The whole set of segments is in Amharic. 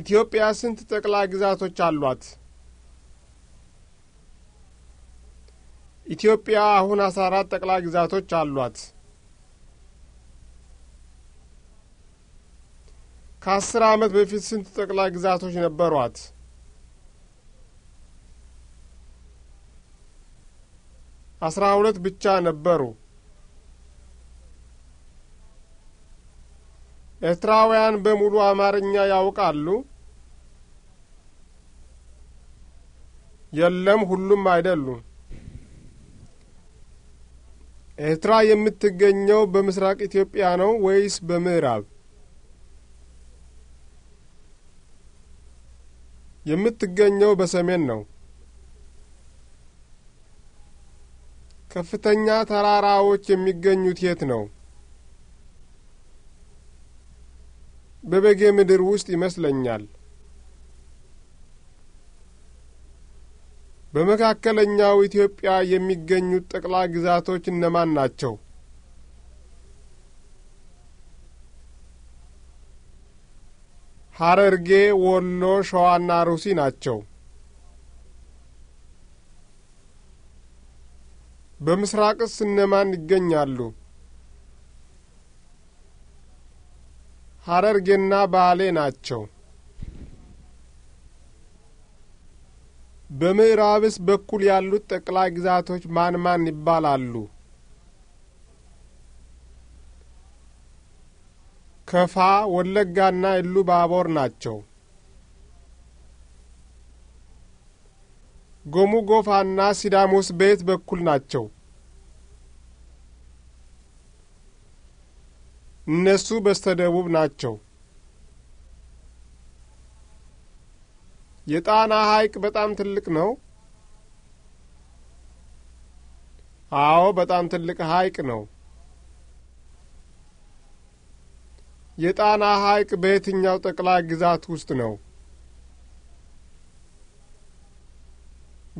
ኢትዮጵያ ስንት ጠቅላ ግዛቶች አሏት? ኢትዮጵያ አሁን አስራ አራት ጠቅላይ ግዛቶች አሏት። ከአስር ዓመት በፊት ስንት ጠቅላ ግዛቶች ነበሯት? አስራ ሁለት ብቻ ነበሩ። ኤርትራውያን በሙሉ አማርኛ ያውቃሉ? የለም፣ ሁሉም አይደሉም። ኤርትራ የምትገኘው በምስራቅ ኢትዮጵያ ነው ወይስ በምዕራብ? የምትገኘው በሰሜን ነው። ከፍተኛ ተራራዎች የሚገኙት የት ነው? በበጌ ምድር ውስጥ ይመስለኛል። በመካከለኛው ኢትዮጵያ የሚገኙት ጠቅላይ ግዛቶች እነማን ናቸው? ሐረርጌ፣ ወሎ፣ ሸዋና ሩሲ ናቸው። በምስራቅስ እነማን ይገኛሉ? ሐረርጌና ባሌ ናቸው። በምዕራብስ በኩል ያሉት ጠቅላይ ግዛቶች ማን ማን ይባላሉ? ከፋ፣ ወለጋና ኢሉ ባቦር ናቸው። ጎሙ ጎፋና ሲዳሞስ ቤት በኩል ናቸው። እነሱ ደቡብ ናቸው። የጣና ሐይቅ በጣም ትልቅ ነው። አዎ፣ በጣም ትልቅ ሐይቅ ነው። የጣና ሐይቅ በየትኛው ጠቅላይ ግዛት ውስጥ ነው?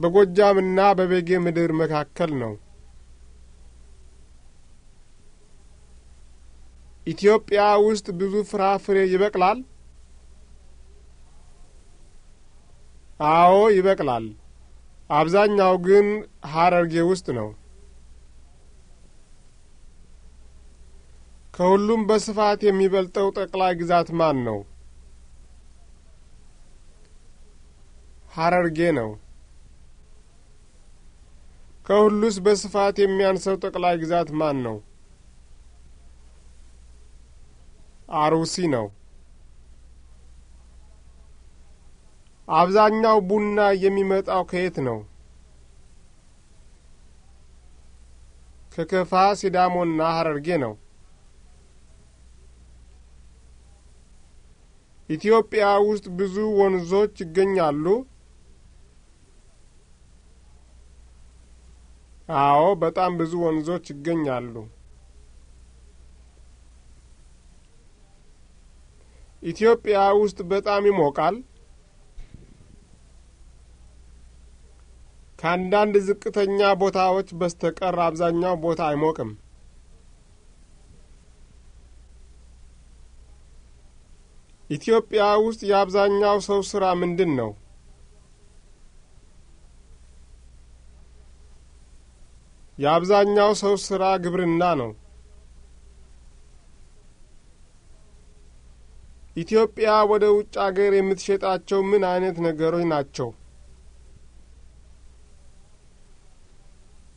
በጎጃምና በቤጌ ምድር መካከል ነው። ኢትዮጵያ ውስጥ ብዙ ፍራፍሬ ይበቅላል? አዎ ይበቅላል። አብዛኛው ግን ሀረርጌ ውስጥ ነው። ከሁሉም በስፋት የሚበልጠው ጠቅላይ ግዛት ማን ነው? ሀረርጌ ነው። ከሁሉስ በስፋት የሚያንሰው ጠቅላይ ግዛት ማን ነው? አሩሲ ነው። አብዛኛው ቡና የሚመጣው ከየት ነው? ከከፋ ሲዳሞና ሀረርጌ ነው። ኢትዮጵያ ውስጥ ብዙ ወንዞች ይገኛሉ? አዎ፣ በጣም ብዙ ወንዞች ይገኛሉ። ኢትዮጵያ ውስጥ በጣም ይሞቃል። ከአንዳንድ ዝቅተኛ ቦታዎች በስተቀር አብዛኛው ቦታ አይሞቅም። ኢትዮጵያ ውስጥ የአብዛኛው ሰው ስራ ምንድን ነው? የአብዛኛው ሰው ስራ ግብርና ነው። ኢትዮጵያ ወደ ውጭ አገር የምትሸጣቸው ምን አይነት ነገሮች ናቸው?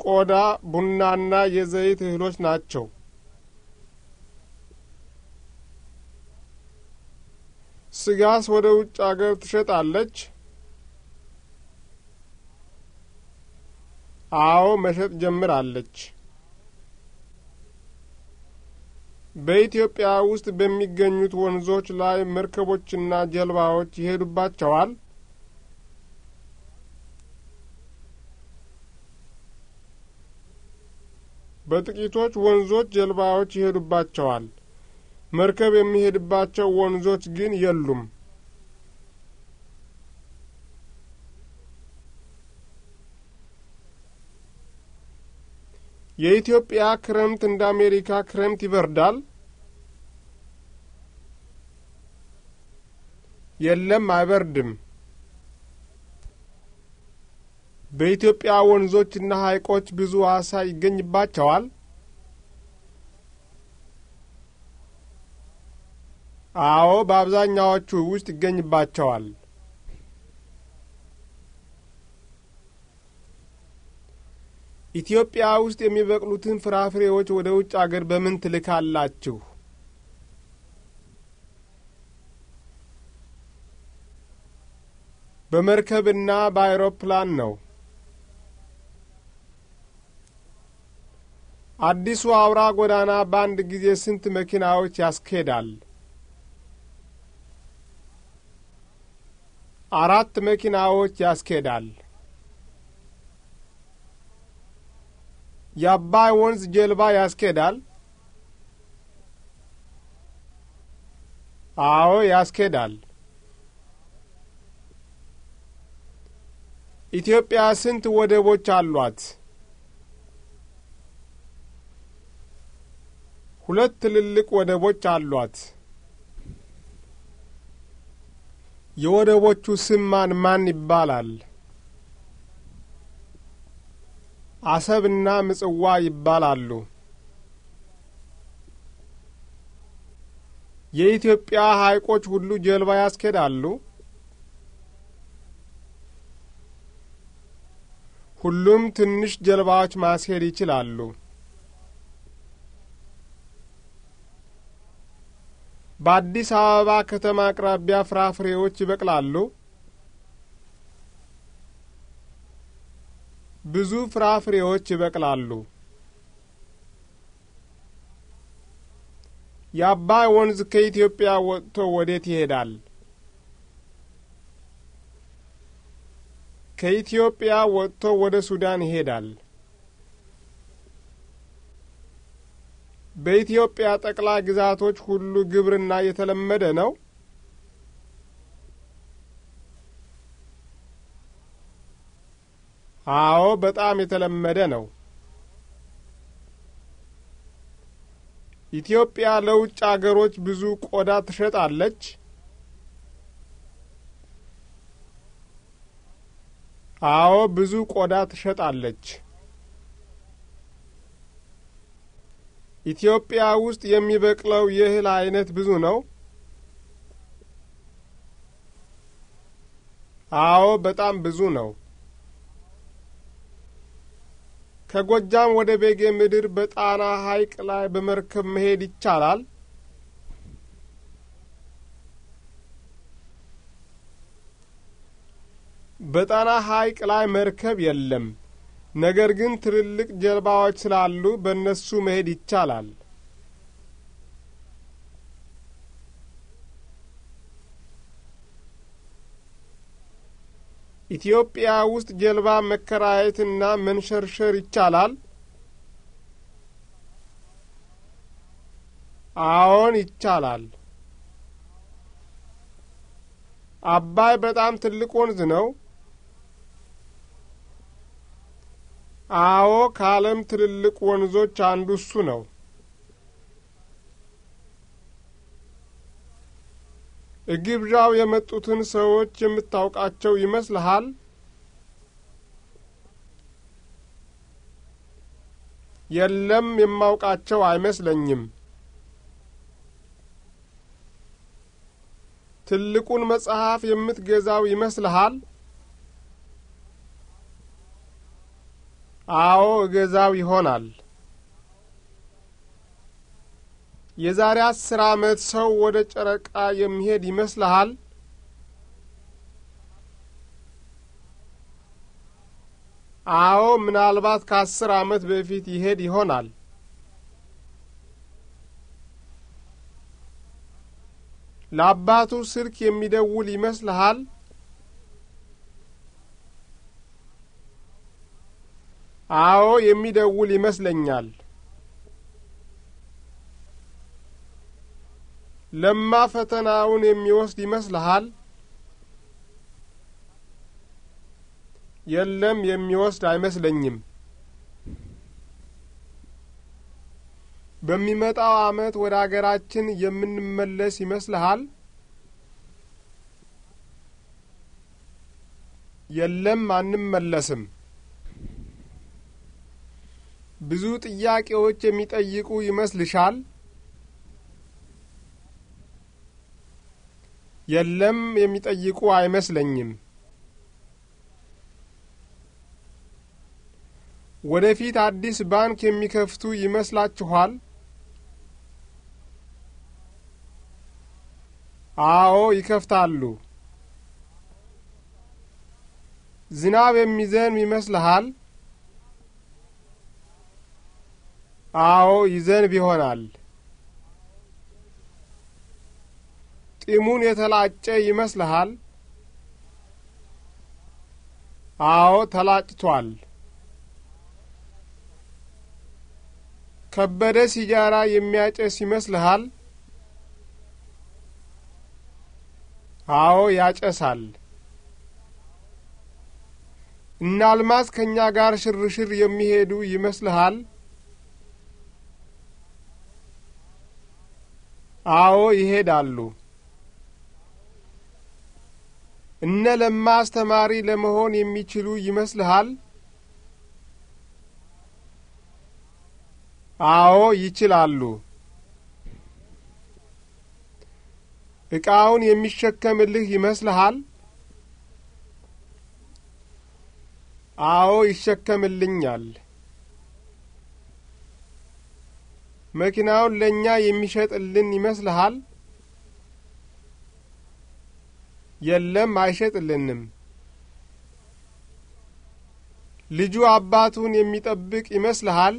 ቆዳ፣ ቡናና የዘይት እህሎች ናቸው። ስጋስ ወደ ውጭ አገር ትሸጣለች? አዎ፣ መሸጥ ጀምራለች። በኢትዮጵያ ውስጥ በሚገኙት ወንዞች ላይ መርከቦችና ጀልባዎች ይሄዱባቸዋል? በጥቂቶች ወንዞች ጀልባዎች ይሄዱባቸዋል። መርከብ የሚሄድባቸው ወንዞች ግን የሉም። የኢትዮጵያ ክረምት እንደ አሜሪካ ክረምት ይበርዳል? የለም፣ አይበርድም። በኢትዮጵያ ወንዞችና ሐይቆች ብዙ አሳ ይገኝባቸዋል? አዎ፣ በአብዛኛዎቹ ውስጥ ይገኝባቸዋል። ኢትዮጵያ ውስጥ የሚበቅሉትን ፍራፍሬዎች ወደ ውጭ አገር በምን ትልካላችሁ? በመርከብና በአይሮፕላን ነው። አዲሱ አውራ ጎዳና በአንድ ጊዜ ስንት መኪናዎች ያስኬዳል? አራት መኪናዎች ያስኬዳል። የአባይ ወንዝ ጀልባ ያስኬዳል? አዎ ያስኬዳል። ኢትዮጵያ ስንት ወደቦች አሏት? ሁለት ትልልቅ ወደቦች አሏት። የወደቦቹ ስም ማን ማን ይባላል? አሰብና ምጽዋ ይባላሉ። የኢትዮጵያ ሐይቆች ሁሉ ጀልባ ያስኬዳሉ? ሁሉም ትንሽ ጀልባዎች ማስሄድ ይችላሉ። በአዲስ አበባ ከተማ አቅራቢያ ፍራፍሬዎች ይበቅላሉ? ብዙ ፍራፍሬዎች ይበቅላሉ። የአባይ ወንዝ ከኢትዮጵያ ወጥቶ ወዴት ይሄዳል? ከኢትዮጵያ ወጥቶ ወደ ሱዳን ይሄዳል። በኢትዮጵያ ጠቅላይ ግዛቶች ሁሉ ግብርና የተለመደ ነው? አዎ፣ በጣም የተለመደ ነው። ኢትዮጵያ ለውጭ አገሮች ብዙ ቆዳ ትሸጣለች? አዎ፣ ብዙ ቆዳ ትሸጣለች። ኢትዮጵያ ውስጥ የሚበቅለው የእህል አይነት ብዙ ነው? አዎ፣ በጣም ብዙ ነው። ከጎጃም ወደ ቤጌ ምድር በጣና ሐይቅ ላይ በመርከብ መሄድ ይቻላል? በጣና ሐይቅ ላይ መርከብ የለም። ነገር ግን ትልልቅ ጀልባዎች ስላሉ በእነሱ መሄድ ይቻላል። ኢትዮጵያ ውስጥ ጀልባ መከራየትና መንሸርሸር ይቻላል? አዎን ይቻላል። አባይ በጣም ትልቅ ወንዝ ነው? አዎ፣ ከዓለም ትልልቅ ወንዞች አንዱ እሱ ነው። ግብዣው የመጡትን ሰዎች የምታውቃቸው ይመስልሃል? የለም፣ የማውቃቸው አይመስለኝም። ትልቁን መጽሐፍ የምትገዛው ይመስልሃል? አዎ፣ እገዛው ይሆናል። የዛሬ አስር ዓመት ሰው ወደ ጨረቃ የሚሄድ ይመስልሃል? አዎ፣ ምናልባት ከአስር ዓመት በፊት ይሄድ ይሆናል። ለአባቱ ስልክ የሚደውል ይመስልሃል? አዎ፣ የሚደውል ይመስለኛል። ለማ ፈተናውን የሚወስድ ይመስልሃል? የለም የሚወስድ አይመስለኝም። በሚመጣው ዓመት ወደ አገራችን የምንመለስ ይመስልሃል? የለም አንመለስም። ብዙ ጥያቄዎች የሚጠይቁ ይመስልሻል? የለም የሚጠይቁ አይመስለኝም። ወደፊት አዲስ ባንክ የሚከፍቱ ይመስላችኋል? አዎ ይከፍታሉ። ዝናብ የሚዘንብ ይመስልሃል? አዎ ይዘንብ ይሆናል። ጢሙን የተላጨ ይመስልሃል? አዎ ተላጭቷል። ከበደ ሲጃራ የሚያጨስ ይመስልሃል? አዎ ያጨሳል። እና አልማዝ ከእኛ ጋር ሽርሽር የሚሄዱ ይመስልሃል? አዎ ይሄዳሉ። እነ ለማ አስተማሪ ለመሆን የሚችሉ ይመስልሃል? አዎ ይችላሉ። ዕቃውን የሚሸከምልህ ይመስልሃል? አዎ ይሸከምልኛል። መኪናውን ለእኛ የሚሸጥልን ይመስልሃል? የለም አይሸጥልንም። ልጁ አባቱን የሚጠብቅ ይመስልሃል?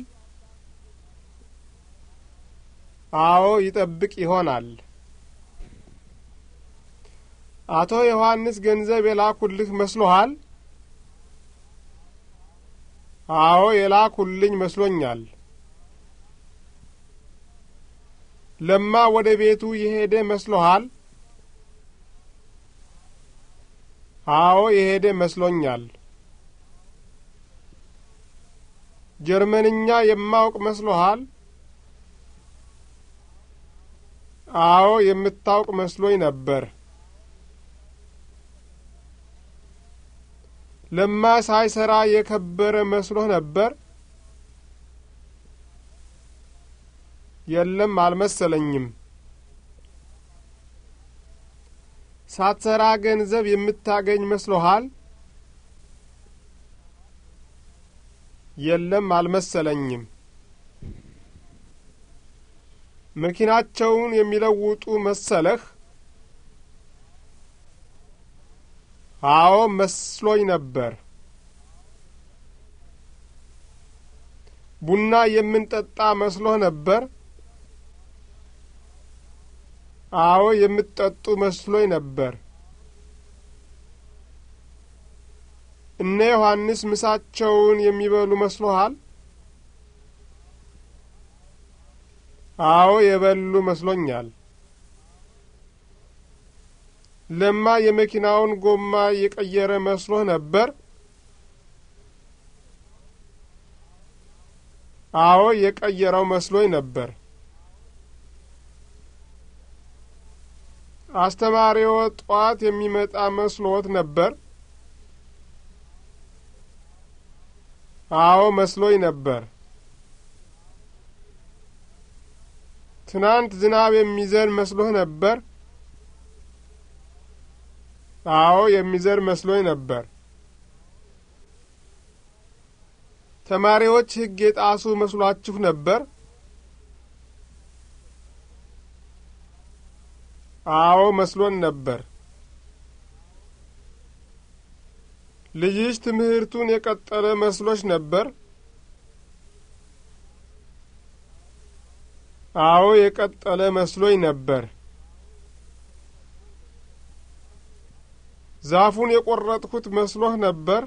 አዎ ይጠብቅ ይሆናል። አቶ ዮሐንስ ገንዘብ የላኩልህ መስሎሃል? አዎ የላኩልኝ መስሎኛል። ለማ ወደ ቤቱ የሄደ መስሎሃል? አዎ የሄደ መስሎኛል። ጀርመንኛ የማውቅ መስሎሃል? አዎ የምታውቅ መስሎኝ ነበር። ለማ ሳይሰራ የከበረ መስሎህ ነበር? የለም አልመሰለኝም። ሳትሰራ ገንዘብ የምታገኝ መስሎሃል? የለም፣ አልመሰለኝም። መኪናቸውን የሚለውጡ መሰለህ? አዎ፣ መስሎኝ ነበር። ቡና የምንጠጣ መስሎህ ነበር? አዎ የምትጠጡ መስሎኝ ነበር። እነ ዮሐንስ ምሳቸውን የሚበሉ መስሎሃል? አዎ የበሉ መስሎኛል። ለማ የመኪናውን ጎማ የቀየረ መስሎህ ነበር? አዎ የቀየረው መስሎኝ ነበር። አስተማሪዎ ጠዋት የሚመጣ መስሎት ነበር? አዎ መስሎኝ ነበር። ትናንት ዝናብ የሚዘን መስሎህ ነበር? አዎ የሚዘን መስሎኝ ነበር። ተማሪዎች ሕግ የጣሱ መስሏችሁ ነበር? አዎ መስሎን ነበር። ልጅሽ ትምህርቱን የቀጠለ መስሎች ነበር? አዎ የቀጠለ መስሎኝ ነበር። ዛፉን የቆረጥኩት መስሎህ ነበር?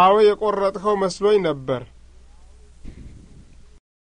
አዎ የቆረጥኸው መስሎኝ ነበር።